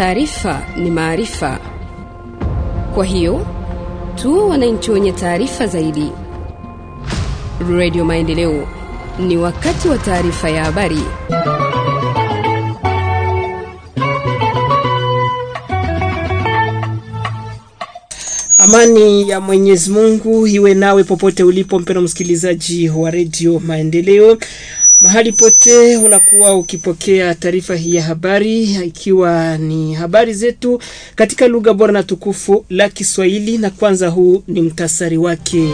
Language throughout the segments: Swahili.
Taarifa ni maarifa, kwa hiyo tu wananchi wenye taarifa zaidi. Radio Maendeleo, ni wakati wa taarifa ya habari. Amani ya Mwenyezi Mungu iwe nawe popote ulipo, mpendwa msikilizaji wa redio Maendeleo mahali pote unakuwa ukipokea taarifa hii ya habari, ikiwa ni habari zetu katika lugha bora na tukufu la Kiswahili. Na kwanza, huu ni mtasari wake.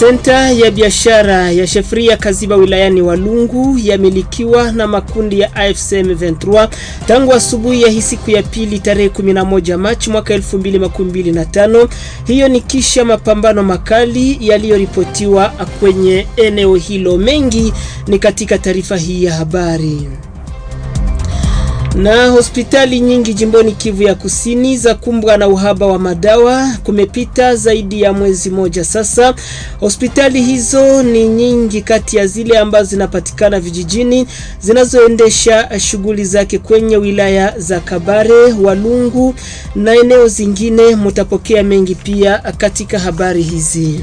Senta ya biashara ya Shefria Kaziba wilayani Walungu yamilikiwa na makundi ya AFC M23 tangu asubuhi ya hii siku ya pili tarehe 11 Machi mwaka 2025. Hiyo ni kisha mapambano makali yaliyoripotiwa kwenye eneo hilo. Mengi ni katika taarifa hii ya habari. Na hospitali nyingi jimboni Kivu ya Kusini za kumbwa na uhaba wa madawa. Kumepita zaidi ya mwezi moja sasa. Hospitali hizo ni nyingi kati ya zile ambazo zinapatikana vijijini zinazoendesha shughuli zake kwenye wilaya za Kabare, Walungu na eneo zingine. Mutapokea mengi pia katika habari hizi.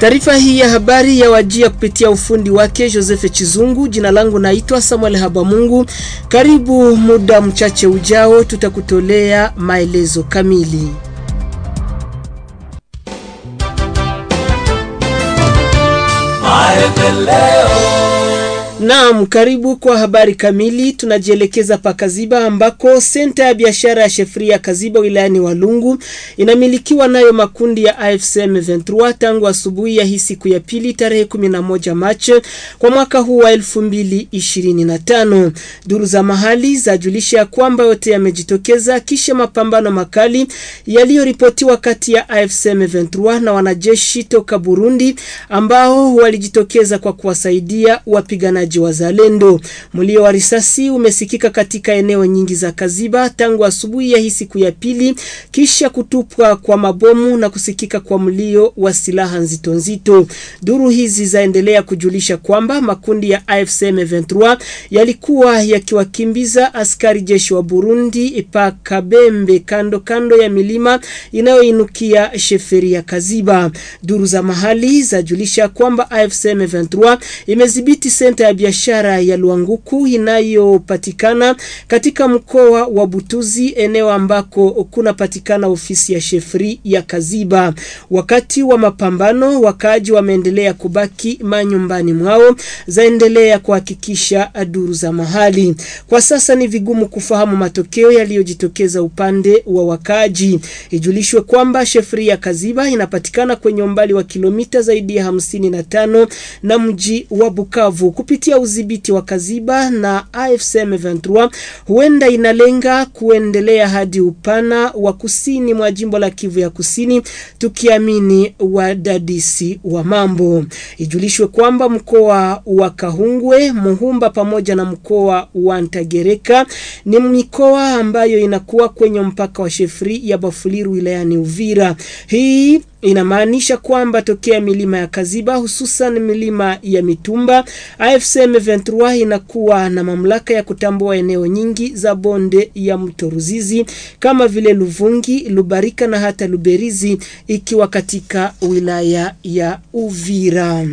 Taarifa hii ya habari ya wajia kupitia ufundi wake Joseph Chizungu. Jina langu naitwa Samuel Habamungu. Karibu, muda mchache ujao tutakutolea maelezo kamili. Maendeleo. Naam, karibu kwa habari kamili. Tunajielekeza pa Kaziba ambako senta ya biashara ya Shefria Kaziba wilayani Walungu inamilikiwa nayo makundi ya AFC M23 tangu asubuhi ya hii siku ya pili tarehe 11 Machi kwa mwaka huu wa 2025. Duru za mahali zajulisha ya kwamba yote yamejitokeza kisha mapambano makali yaliyoripotiwa kati ya AFC M23 na wanajeshi toka Burundi ambao walijitokeza kwa kuwasaidia wapiganaji wapiganaji wazalendo. Mlio wa risasi umesikika katika eneo nyingi za Kaziba tangu asubuhi ya hii siku ya pili, kisha kutupwa kwa mabomu na kusikika kwa mlio wa silaha nzito nzito. Duru hizi zaendelea kujulisha kwamba makundi ya AFC M23 yalikuwa yakiwakimbiza askari jeshi wa Burundi pa Kabembe kando kando ya milima inayoinukia sheferi ya Kaziba. Duru za mahali zajulisha kwamba AFC M23 imedhibiti senta ya biashara ya Luanguku inayopatikana katika mkoa wa Butuzi, eneo ambako kunapatikana ofisi ya Shefri ya Kaziba. Wakati wa mapambano, wakaaji wameendelea kubaki manyumbani mwao, zaendelea kuhakikisha duru za mahali. Kwa sasa ni vigumu kufahamu matokeo yaliyojitokeza upande wa wakaaji. Ijulishwe kwamba Shefri ya Kaziba inapatikana kwenye umbali wa kilomita zaidi ya hamsini na tano na mji wa Bukavu kupitia kupitia udhibiti wa Kaziba na AFC M23 huenda inalenga kuendelea hadi upana wa kusini mwa jimbo la Kivu ya Kusini, tukiamini wadadisi wa mambo. Ijulishwe kwamba mkoa wa Kahungwe, Muhumba pamoja na mkoa wa Ntagereka ni mikoa ambayo inakuwa kwenye mpaka wa Shefri ya Bafuliru wilayani Uvira. Hii Inamaanisha kwamba tokea milima ya Kaziba, hususan milima ya Mitumba, AFC M23 inakuwa na mamlaka ya kutambua eneo nyingi za bonde ya mto Ruzizi kama vile Luvungi, Lubarika na hata Luberizi ikiwa katika wilaya ya Uvira.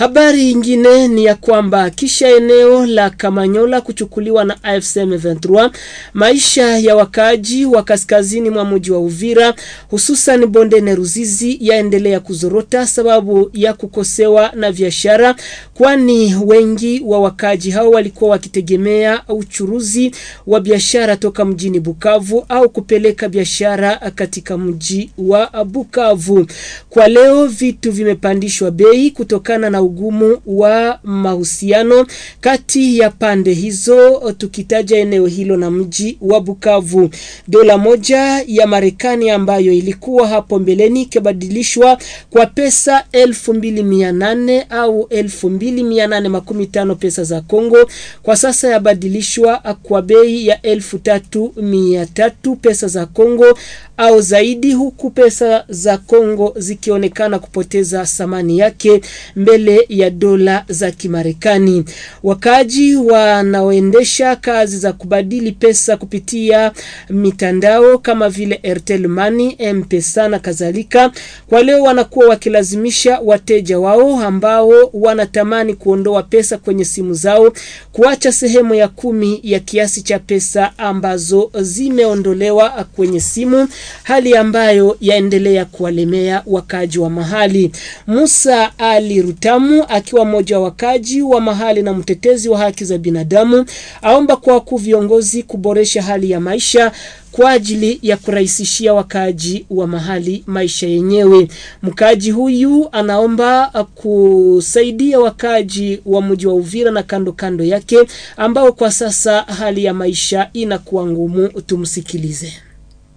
Habari nyingine ni ya kwamba kisha eneo la Kamanyola kuchukuliwa na AFC M23, maisha ya wakaaji wa kaskazini mwa mji wa Uvira hususan na Ruzizi yaendelea kuzorota sababu ya kukosewa na biashara, kwani wengi wa wakaaji hao walikuwa wakitegemea uchuruzi wa biashara toka mjini Bukavu au kupeleka biashara katika mji wa Bukavu. Kwa leo vitu vimepandishwa bei kutokana na ugumu wa mahusiano kati ya pande hizo, tukitaja eneo hilo na mji wa Bukavu. Dola moja ya Marekani ambayo ilikuwa hapo mbeleni ikibadilishwa kwa pesa 2800 au 2815 pesa za Kongo, kwa sasa yabadilishwa kwa bei ya 3300 pesa za Kongo au zaidi, huku pesa za Kongo zikionekana kupoteza thamani yake mbele ya dola za Kimarekani. Wakaji wanaoendesha kazi za kubadili pesa kupitia mitandao kama vile Airtel Money, M-Pesa na kadhalika, kwa leo wanakuwa wakilazimisha wateja wao ambao wanatamani kuondoa pesa kwenye simu zao kuacha sehemu ya kumi ya kiasi cha pesa ambazo zimeondolewa kwenye simu, hali ambayo yaendelea kuwalemea wakaji wa mahali. Musa Ali Rutam Kiislamu akiwa mmoja wakaji wa mahali na mtetezi wa haki za binadamu aomba kwa ku viongozi kuboresha hali ya maisha kwa ajili ya kurahisishia wakaaji wa mahali maisha yenyewe. Mkaaji huyu anaomba kusaidia wakaaji wa mji wa Uvira na kando kando yake ambao kwa sasa hali ya maisha inakuwa ngumu. Tumsikilize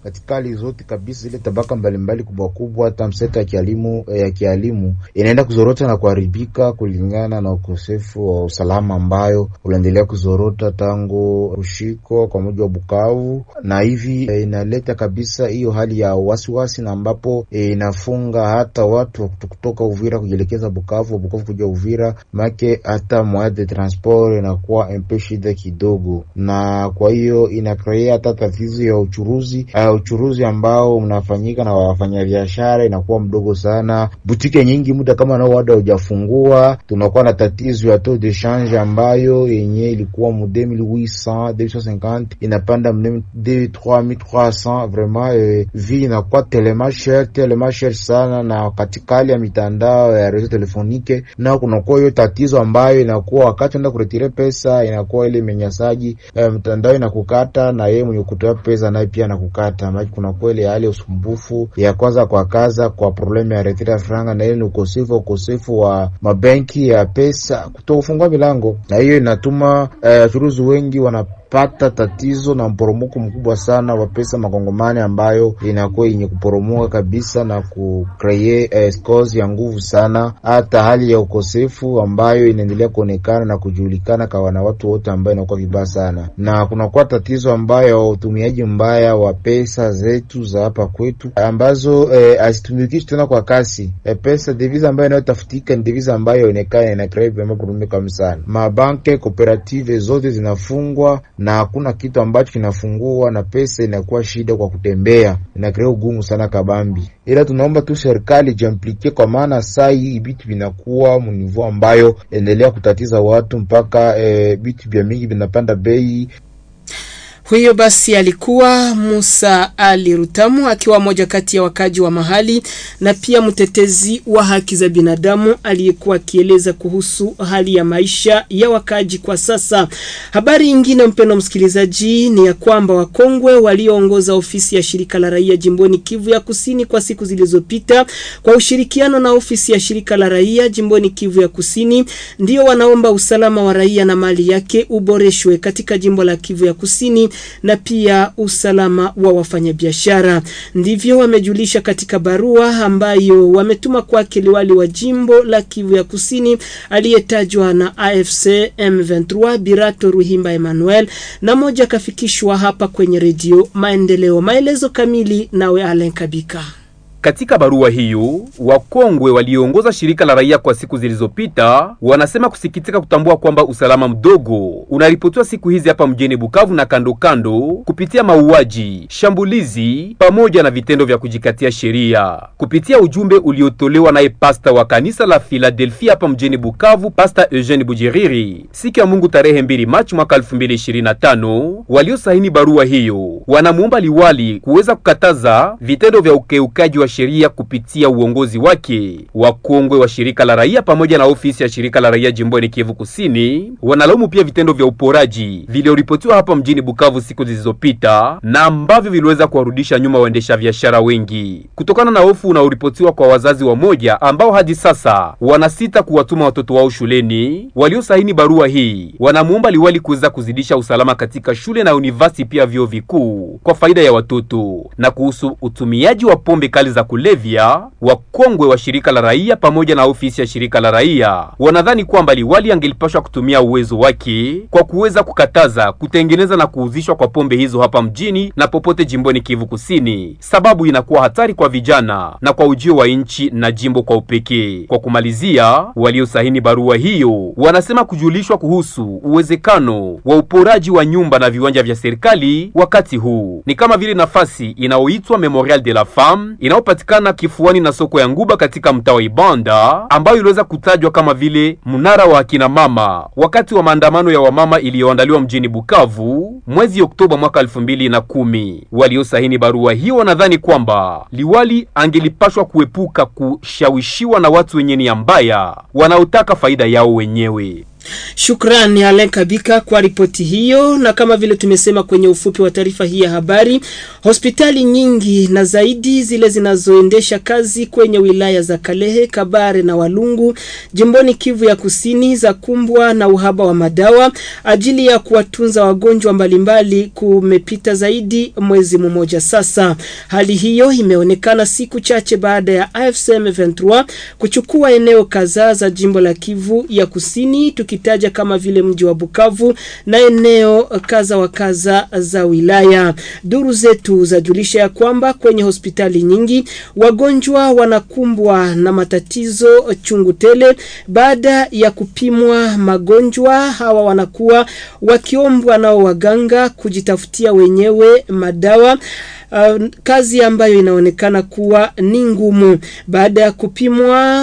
katika hali zote kabisa zile tabaka mbalimbali kubwa kubwa, hata mseta ya kialimu eh, ya kialimu inaenda kuzorota na kuharibika kulingana na ukosefu wa usalama ambayo unaendelea kuzorota tangu ushiko kwa mji wa Bukavu, na hivi eh, inaleta kabisa hiyo hali ya wasiwasi wasi, na ambapo eh, inafunga hata watu kutoka Uvira kujielekeza Bukavu, Bukavu kuja Uvira, make hata moya de transport inakuwa mpeshida kidogo, na kwa hiyo inakrea hata tatizo ya uchuruzi uh, uchuruzi ambao unafanyika na wafanyabiashara inakuwa mdogo sana. Butike nyingi muda kama nao wada hujafungua, tunakuwa na tatizo ya taux de change ambayo yenye ilikuwa mu 2800 250 inapanda mu 2300 300, vraiment eh, vi inakuwa telema cher telema cher sana, na katika hali ya mitandao ya reseau telefonike nao kunakuwa hiyo tatizo ambayo inakuwa wakati unaenda kuretire pesa inakuwa ile menyasaji eh, mtandao inakukata na yeye mwenye kutoa pesa naye pia anakukata kupata, kuna kweli hali usumbufu ya kwanza kwa kaza kwa problemu ya retira franga, na ile ni ukosefu ukosefu wa mabenki ya pesa kutofungua milango, na hiyo inatuma uh, eh, wachuruzi wengi wana tutapata tatizo na mporomoko mkubwa sana wa pesa makongomani, ambayo inakuwa yenye kuporomoka kabisa na kucreate eh, ya nguvu sana, hata hali ya ukosefu ambayo inaendelea kuonekana na kujulikana kwa wana watu wote, ambayo inakuwa kibaya sana, na kunakuwa tatizo ambayo utumiaji mbaya wa pesa zetu za hapa kwetu ambazo eh, tena kwa kasi eh, pesa devisa ambayo inayotafutika ni devisa ambayo inaonekana ina create sana, mabanke cooperative zote zinafungwa na hakuna kitu ambacho kinafungua na pesa inakuwa shida kwa kutembea, inakirea ugumu sana kabambi, ila tunaomba tu serikali jamplike kwa maana saa hii vitu vinakuwa mnivu ambayo endelea kutatiza watu mpaka e, vya mingi vinapanda bei. Huyo basi alikuwa Musa Ali Rutamu akiwa moja kati ya wakaji wa mahali na pia mtetezi wa haki za binadamu aliyekuwa akieleza kuhusu hali ya maisha ya wakaji kwa sasa. Habari nyingine, mpendo msikilizaji, ni ya kwamba wakongwe walioongoza ofisi ya shirika la raia jimboni Kivu ya Kusini kwa siku zilizopita kwa ushirikiano na ofisi ya shirika la raia jimboni Kivu ya Kusini ndio wanaomba usalama wa raia na mali yake uboreshwe katika jimbo la Kivu ya Kusini na pia usalama wa wafanyabiashara. Ndivyo wamejulisha katika barua ambayo wametuma kwa kiliwali wa jimbo la Kivu ya Kusini aliyetajwa na AFC M23 Birato Ruhimba Emmanuel, na moja akafikishwa hapa kwenye redio Maendeleo. Maelezo kamili nawe Alen Kabika. Katika barua hiyo, wakongwe waliongoza shirika la raia kwa siku zilizopita wanasema kusikitika kutambua kwamba usalama mdogo unaripotiwa siku hizi hapa mjini Bukavu na kando kando, kupitia mauaji, shambulizi pamoja na vitendo vya kujikatia sheria. Kupitia ujumbe uliotolewa naye pasta wa kanisa la Philadelphia hapa mjini Bukavu, Pasta Eugene Bujiriri, siku ya Mungu tarehe 2 Machi mwaka 2025, waliosaini barua hiyo wanamuomba liwali kuweza kukataza vitendo vya ukeukaji wa sheria kupitia uongozi wake. Wakongwe wa shirika la raia pamoja na ofisi ya shirika la raia jimboni Kivu Kusini wanalaumu pia vitendo vya uporaji vilioripotiwa hapa mjini Bukavu siku zilizopita na ambavyo viliweza kuwarudisha nyuma waendesha biashara wengi kutokana na hofu unaoripotiwa kwa wazazi wamoja ambao hadi sasa wanasita kuwatuma watoto wao shuleni. Waliosaini barua hii wanamuomba liwali kuweza kuzidisha usalama katika shule na univasi pia vyuo vikuu kwa faida ya watoto. Na kuhusu utumiaji wa pombe kali za kulevya, wakongwe wa shirika la raia pamoja na ofisi ya shirika la raia wanadhani kwamba liwali angelipashwa kutumia uwezo wake kwa kuweza kukataza kutengeneza na kuuzishwa kwa pombe hizo hapa mjini na popote jimboni Kivu Kusini, sababu inakuwa hatari kwa vijana na kwa ujio wa nchi na jimbo kwa upekee. Kwa kumalizia, waliosahini barua hiyo wanasema kujulishwa kuhusu uwezekano wa uporaji wa nyumba na viwanja vya serikali wakati huu ni kama vile nafasi inayoitwa Memorial de la Femme inaopa inayopatikana kifuani na soko ya Nguba katika mtaa wa Ibanda, ambayo iliweza kutajwa kama vile mnara wa akina mama wakati wa maandamano ya wamama iliyoandaliwa mjini Bukavu mwezi Oktoba mwaka 2010. Waliosahini barua hiyo wanadhani kwamba liwali angelipashwa kuepuka kushawishiwa na watu wenye nia mbaya wanaotaka faida yao wenyewe. Shukrani Alen Kabika kwa ripoti hiyo, na kama vile tumesema kwenye ufupi wa taarifa hii ya habari, hospitali nyingi na zaidi zile zinazoendesha kazi kwenye wilaya za Kalehe, Kabare na Walungu jimboni Kivu ya Kusini za kumbwa na uhaba wa madawa ajili ya kuwatunza wagonjwa mbalimbali. Kumepita zaidi mwezi mmoja sasa. Hali hiyo imeonekana siku chache baada ya AFC M23 kuchukua eneo kadhaa za jimbo la Kivu ya Kusini tuki tukitaja kama vile mji wa Bukavu na eneo kaza wa kaza za wilaya. Duru zetu zajulisha ya kwamba kwenye hospitali nyingi wagonjwa wanakumbwa na matatizo chungu tele baada ya kupimwa magonjwa. Hawa wanakuwa wakiombwa nao waganga kujitafutia wenyewe madawa uh, kazi ambayo inaonekana kuwa ni ngumu. Baada ya kupimwa,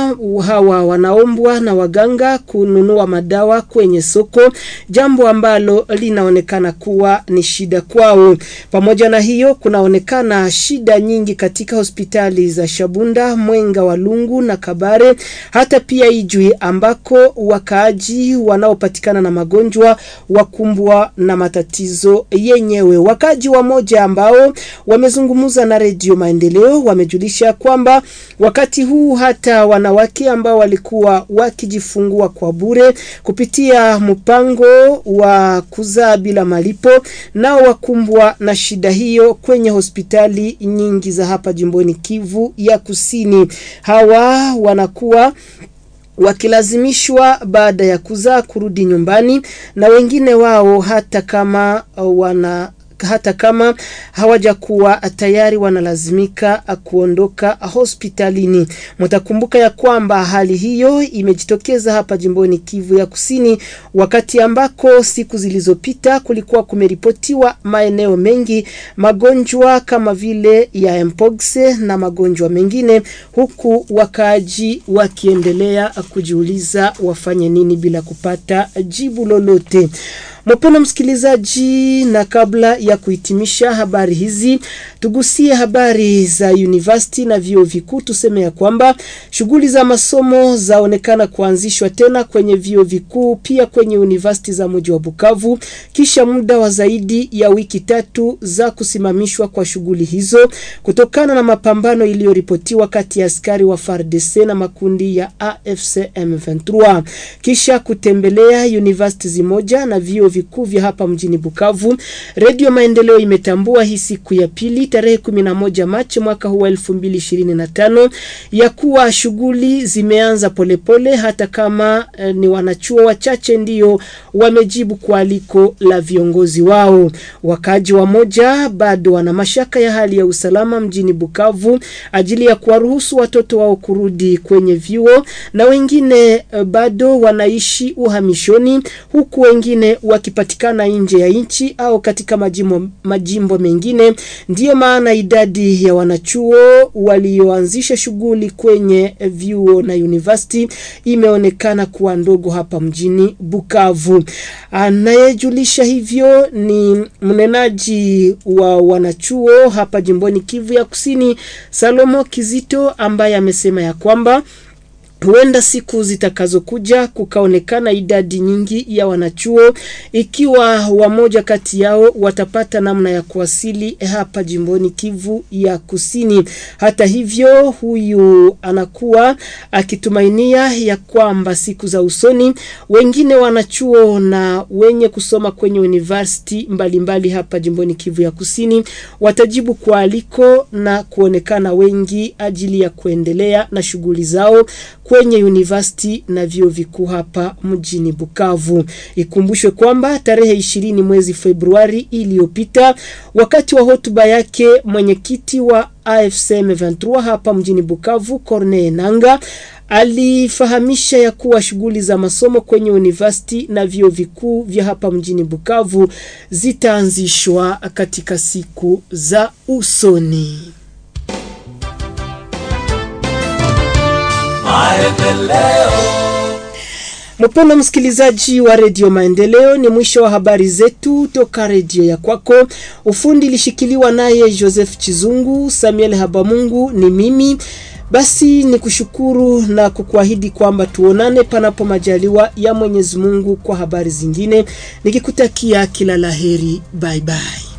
hawa wanaombwa na waganga kununua madawa kwenye soko, jambo ambalo linaonekana kuwa ni shida kwao. Pamoja na hiyo, kunaonekana shida nyingi katika hospitali za Shabunda, Mwenga, Walungu na Kabare, hata pia Ijwi ambako wakaaji wanaopatikana na magonjwa wakumbwa na matatizo yenyewe. Wakaaji wamoja ambao wame Wamezungumza na Redio Maendeleo, wamejulisha kwamba wakati huu hata wanawake ambao walikuwa wakijifungua kwa bure kupitia mpango wa kuzaa bila malipo, nao wakumbwa na shida hiyo kwenye hospitali nyingi za hapa jimboni Kivu ya Kusini. Hawa wanakuwa wakilazimishwa baada ya kuzaa kurudi nyumbani na wengine wao hata kama wana hata kama hawajakuwa tayari wanalazimika kuondoka hospitalini. Mtakumbuka ya kwamba hali hiyo imejitokeza hapa jimboni Kivu ya Kusini, wakati ambako siku zilizopita kulikuwa kumeripotiwa maeneo mengi magonjwa kama vile ya mpox na magonjwa mengine, huku wakaaji wakiendelea kujiuliza wafanye nini bila kupata jibu lolote. Mpendwa msikilizaji, na kabla ya kuhitimisha habari hizi, tugusie habari za university na vyuo vikuu. Tuseme ya kwamba shughuli za masomo zaonekana kuanzishwa tena kwenye vyuo vikuu, pia kwenye university za mji wa Bukavu kisha muda wa zaidi ya wiki tatu za kusimamishwa kwa shughuli hizo kutokana na mapambano iliyoripotiwa kati ya askari wa FARDC na makundi ya AFC M23 kisha kutembelea university zimoja na vyuo vikuu vya hapa mjini Bukavu. Redio Maendeleo imetambua hii siku ya pili tarehe 11 Machi mwaka huu 2025 ya kuwa shughuli zimeanza polepole pole, hata kama eh, ni wanachuo wachache ndio wamejibu kualiko la viongozi wao. Wakaji wamoja bado wana mashaka ya hali ya usalama mjini Bukavu ajili ya kuwaruhusu watoto wao kurudi kwenye vyuo na wengine eh, bado wanaishi uhamishoni huku wengine wa wakipatikana nje ya nchi au katika majimbo, majimbo mengine. Ndiyo maana idadi ya wanachuo walioanzisha shughuli kwenye vyuo na university imeonekana kuwa ndogo hapa mjini Bukavu. Anayejulisha hivyo ni mnenaji wa wanachuo hapa jimboni Kivu ya Kusini, Salomo Kizito ambaye amesema ya kwamba Huenda siku zitakazokuja kukaonekana idadi nyingi ya wanachuo, ikiwa wamoja kati yao watapata namna ya kuwasili hapa jimboni Kivu ya Kusini. Hata hivyo, huyu anakuwa akitumainia ya kwamba siku za usoni wengine wanachuo na wenye kusoma kwenye university mbalimbali hapa jimboni Kivu ya Kusini watajibu kwa aliko na kuonekana wengi ajili ya kuendelea na shughuli zao kwenye university na vyo vikuu hapa mjini Bukavu. Ikumbushwe kwamba tarehe 20 mwezi Februari iliyopita, wakati wa hotuba yake mwenyekiti wa AFC M23 hapa mjini Bukavu, Corneille nanga alifahamisha ya kuwa shughuli za masomo kwenye university na vyuo vikuu vya hapa mjini Bukavu zitaanzishwa katika siku za usoni. Maendeleo. Mpendwa msikilizaji wa redio Maendeleo, ni mwisho wa habari zetu toka redio ya kwako. Ufundi ilishikiliwa naye Joseph Chizungu, Samuel Habamungu ni mimi. Basi ni kushukuru na kukuahidi kwamba tuonane panapo majaliwa ya Mwenyezi Mungu kwa habari zingine, nikikutakia kila laheri. Baibai.